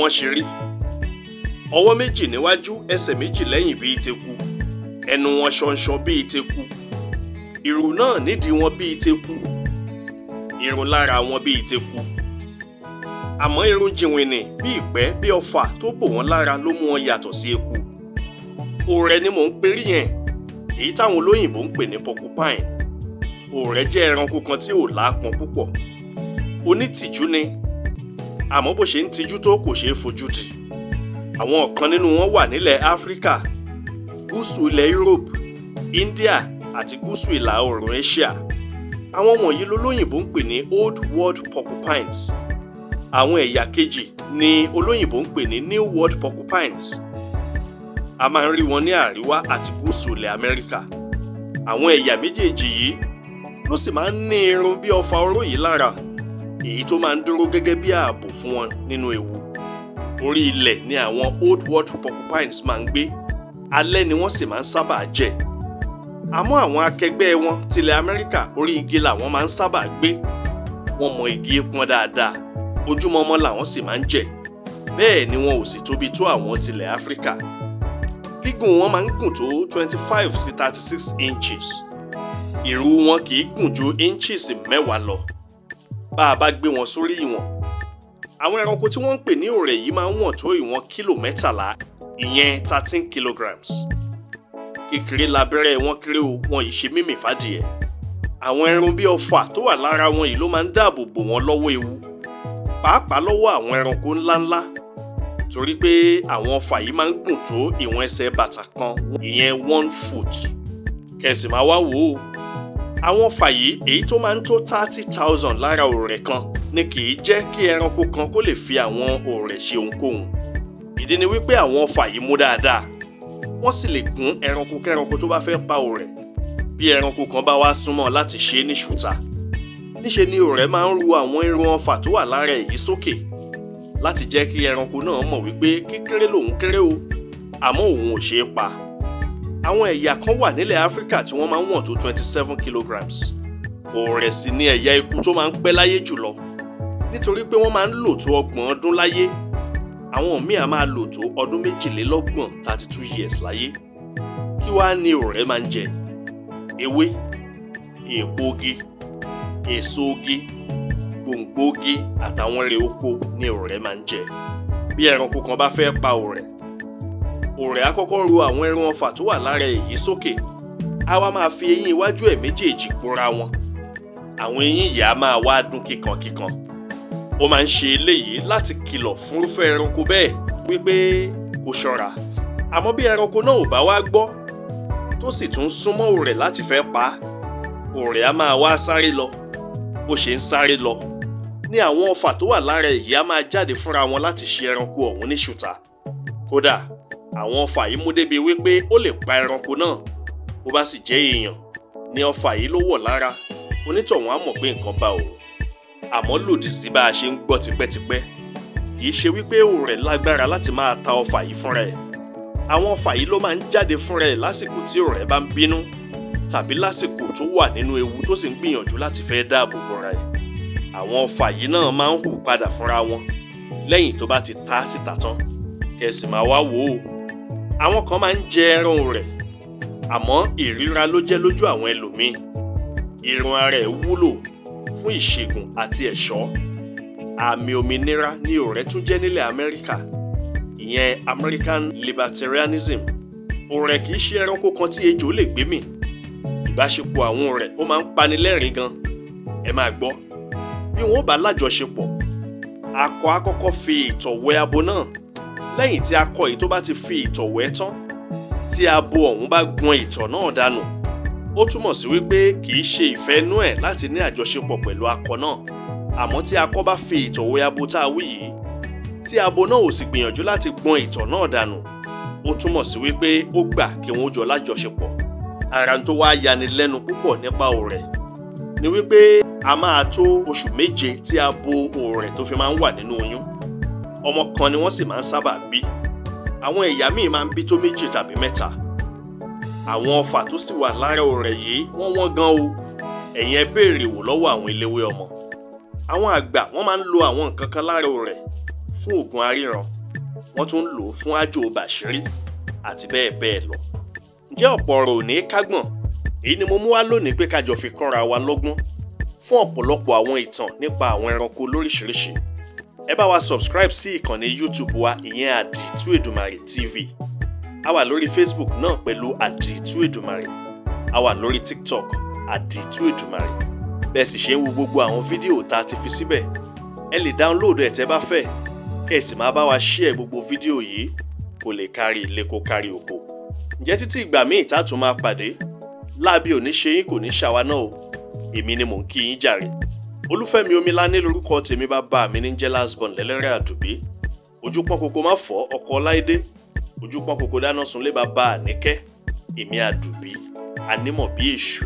wọ́n ṣe rí ọwọ́ méjì níwájú ẹsẹ̀ méjì lẹ́yìn bíi teku ẹnu wọn ṣanṣan bíi teku ìrù náà nídìí wọn bíi teku irun lára wọn bíi teku àmọ́ irun jìnwìnì bí ìpẹ́ bí ọfà tó bò wọ́n lára ló mú wọn yàtọ̀ sí eku òòrẹ ni mò ń perí yẹn èyí táwọn olóyìnbó ń pè ní porcupine òòrẹ jẹ́ ẹranko kan tí ò láápọn púpọ̀ onítìjú ni àmọ́ bó ṣe ń tijú tó kò ṣeé fojú di àwọn kan nínú wọn wà nílẹ̀ áfíríkà gúúsù ilẹ̀ europe india àti gúúsù ìlà oòrùn asia àwọn wọ̀nyí lolóyìnbó ń pè ní old world porcupines àwọn ẹ̀yà kejì ni olóyìnbó ń pè ní new world porcupines a máa ń rí wọn ní àríwá àti gúúsù ilẹ̀ amẹ́ríkà àwọn ẹ̀yà méjèèjì yìí ló sì máa ń ní irun bí ọfà oró yìí lára èyí tó máa ń dúró gẹ́gẹ́ bí ààbò fún wọn nínú ewu. orí ilẹ̀ ni àwọn old world porcupines máa ń gbé alẹ́ ni wọ́n sì máa ń sábà jẹ. àmọ́ àwọn akẹgbẹ́ wọn tilẹ̀ Amẹ́ríkà orí igi làwọn máa ń sábà gbé wọ́n mọ igi pọn dáadáa ojúmọmọ làwọn sì máa ń jẹ bẹ́ẹ̀ ni wọn ò sì tóbi tó àwọn tilẹ̀ Áfíríkà gígùn wọn máa ń gùn tó twenty five sí thirty six inches ìrù wọn kì í gùn ju inches mẹ́wàá lọ bá a bá gbé wọn sórí ìwọ̀n àwọn ẹranko tí wọ́n ń pè ní òrẹ̀ yìí máa ń wọ̀n tó ìwọ̀n kílò mẹ́tàlá ìyẹn thirteen kilograms kékeré labẹ́rẹ́ wọn kéré o wọn yìí ṣe mímì fàdìẹ àwọn ẹran bíi ọfà tó wà lára wọn yìí ló máa ń dáàbò bò wọn lọ́wọ́ ewu pàápàá lọ́wọ́ àwọn ẹranko ńláńlá torí pé àwọn ọfà yìí máa ń gùn tó ìwọ̀n ẹsẹ̀ bàtà kan ìyẹn one foot kẹsì máa wá wò ó àwọn fàyè èyí tó máa ń tó thirty thousand lára òòrẹ̀ kan ni kì í jẹ́ kí ẹranko kan kó lè fi àwọn òòrẹ̀ ṣe ohunkóhun ìdí ni wípé àwọn fàyè mú dáadáa wọ́n sì lè gún ẹranko kẹ́ranko tó bá fẹ́ pa òòrẹ̀ bí ẹranko kan bá wá súnmọ́ láti ṣe é ní ṣùtà níṣe ni òòrẹ̀ máa ń ru àwọn irun ọfà tó wà lára èyí sókè láti jẹ́ kí ẹranko náà mọ̀ wípé kékeré lòun kéré o àmọ́ òun ò ṣeé pa àwọn ẹ̀yà kan wà nílẹ̀ áfíríkà tí wọ́n máa ń wọ̀n tó twenty seven kilograms ọ̀rẹ̀ sì ni ẹ̀yà eku tó máa ń pẹ́ láyé jùlọ nítorí pé wọ́n máa ń lò tó ọgbọ̀n ọdún láyé àwọn míì á máa lò tó ọdún méjìlélọ́gbọ̀n thirty two years láyé kí wàá ní ọ̀rẹ̀ máa ń jẹ ewé èèpo ogi èso ogi gbòǹgbò ogi àtàwọn èrè oko ni ọ̀rẹ̀ máa ń jẹ bí ẹranko kan bá fẹ́ pa ọ̀rẹ̀ ọ̀rẹ́ á kọ́kọ́ àwọn ẹran ọfà tó wà lára èyí sókè á wá máa fi eyín iwájú ẹ̀ méjèèjì gbóra wọn àwọn eyín yìí máa wá dún kíkankíkan ó máa ń ṣe eléyìí láti kìlọ̀ fúnrúfẹ́ ẹranko bẹ́ẹ̀ wípé kò ṣọ́ra àmọ́ bí ẹranko náà ò bá wá gbọ́ tó sì tún súnmọ́ ọ̀rẹ́ láti fẹ́ pa á ọ̀rẹ́ á máa wá sáré lọ bó ṣe ń sáré lọ ní àwọn ọfà tó wà lára èyí á máa jáde fúnra wọn láti ṣe ẹranko ọ̀hún ní ṣùtá kódà àwọn ọfà yìí mú débi wípé ó lè pa ẹranko náà bó bá sì jẹ́ èèyàn ni ọfà yìí ló wọ̀ lára onítọ̀hún á pé nǹkan bá òun àmọ́ lòdì sí bá a ṣe ń gbọ́ tipẹ́tipẹ́ kì í ṣe wípé òun rẹ̀ lágbára láti máa ta ọfà yìí fúnra ẹ̀ àwọn ọfà yìí ló máa ń jáde fúnra ẹ̀ lásìkò tí òun rẹ̀ bá ń bínú tàbí lásìkò tó wà nínú ewu tó sì ń gbìyànjú láti fẹ́ dáàbò bora ẹ̀ àwọn ọfà yìí náà máa ń hù padà fúnra wọn lẹ́yìn tó bá ti ta síta tán kẹ̀sì wò ó àwọn kan máa ń jẹ ẹran rẹ̀ àmọ́ ìríra ló jẹ́ lójú àwọn ẹlòmíì irun ara ẹ̀ wúlò fún ìṣègùn àti ẹ̀ṣọ́ àmì òmìnira ni ọ̀rẹ́ tún jẹ́ nílẹ̀ Amẹ́ríkà ìyẹn American libertarianism ọ̀rẹ́ kì í ṣe ẹranko kan tí ejò lè gbé mì ìbáṣepọ̀ àwọn ọ̀rẹ́ ó máa ń panilẹ́rìn gan ẹ máa gbọ́ bí wọn ò bá lájọṣepọ̀ akọ akọ́kọ́ fi ìtọ̀ abo náà lẹ́yìn tí akọ yìí tó bá ti fi ìtọ̀ wẹ̀ tán tí abo ọ̀hún bá gbọn ìtọ̀ náà dànù ó túmọ̀ sí wípé kì í ṣe ìfẹ́ inú ẹ̀ láti ní àjọṣepọ̀ pẹ̀lú akọ náà àmọ́ tí akọ bá fi ìtọ̀ abo tá a wí yìí tí abo náà ò sì gbìyànjú láti gbọn ìtọ̀ náà dànù ó túmọ̀ sí wípé ó gbà kí wọ́n jọ lájọṣepọ̀ ara tó wá yani lẹ́nu púpọ̀ nípa ọ̀rẹ́ ni wípé a máa tó oṣù méje tí abo ọ̀rẹ́ tó fi máa ń wà nínú oyún ọmọ kan ni wọ́n sì máa ń sábà bí àwọn ẹ̀yà míì máa ń bí tó méjì tàbí mẹ́ta àwọn ọfà tó sì wà lára ọ̀rẹ́ yìí wọ́n wọ́n gan o ẹ̀yin ẹ béèrè wò lọ́wọ́ àwọn eléwé ọmọ àwọn àgbà wọ́n máa ń lo àwọn nǹkan kan lára ọ̀rẹ́ fún oògùn aríran wọ́n tún ń lò ó fún àjò bàṣírí àti bẹ́ẹ̀ bẹ́ẹ̀ lọ ǹjẹ́ ọ̀pọ̀ ọ̀rọ̀ ò ní kágbọ̀n èyí ni mo mú wá lónìí pé kájọ fi kọ́ra wa lọ́gbọ́n fún ọ̀pọ̀lọpọ̀ àwọn ìtàn nípa àwọn ẹranko lóríṣiríṣi ẹ bá wa subscribe sí ìkànnì YouTube wa ìyẹn àdìtú èdùmàrè TV a wà lórí Facebook náà pẹ̀lú àdìtú èdùmàrè a wà lórí TikTok àdìtú èdùmàrè bẹ́ẹ̀ sì ṣe ń wo gbogbo àwọn fídíò tá a ti fi síbẹ̀ ẹ lè dáńlóòdù ẹ̀ tẹ́ bá fẹ́ kẹ́ ẹ sì máa bá wa share gbogbo fídíò yìí kó lè kárí ilé kó kárí oko ǹjẹ́ títí ìgbà míì tá a tún máa pàdé láàbí òní ṣe yín kò ní ṣàwa náà o èmi ni mò ń kí yín jàre olúfẹ́mi omilane lorúkọ tèmi bàbá mi ní jẹ́ lasbon lẹ́lẹ́rẹ́ àdùbí ojú pọ́n kòkó má fọ́ ọkọ láìdé ojú pọ́n kòkó dáná sunlé bàbá àníkẹ́ èmi àdùbí ànímọ̀ bí èṣù.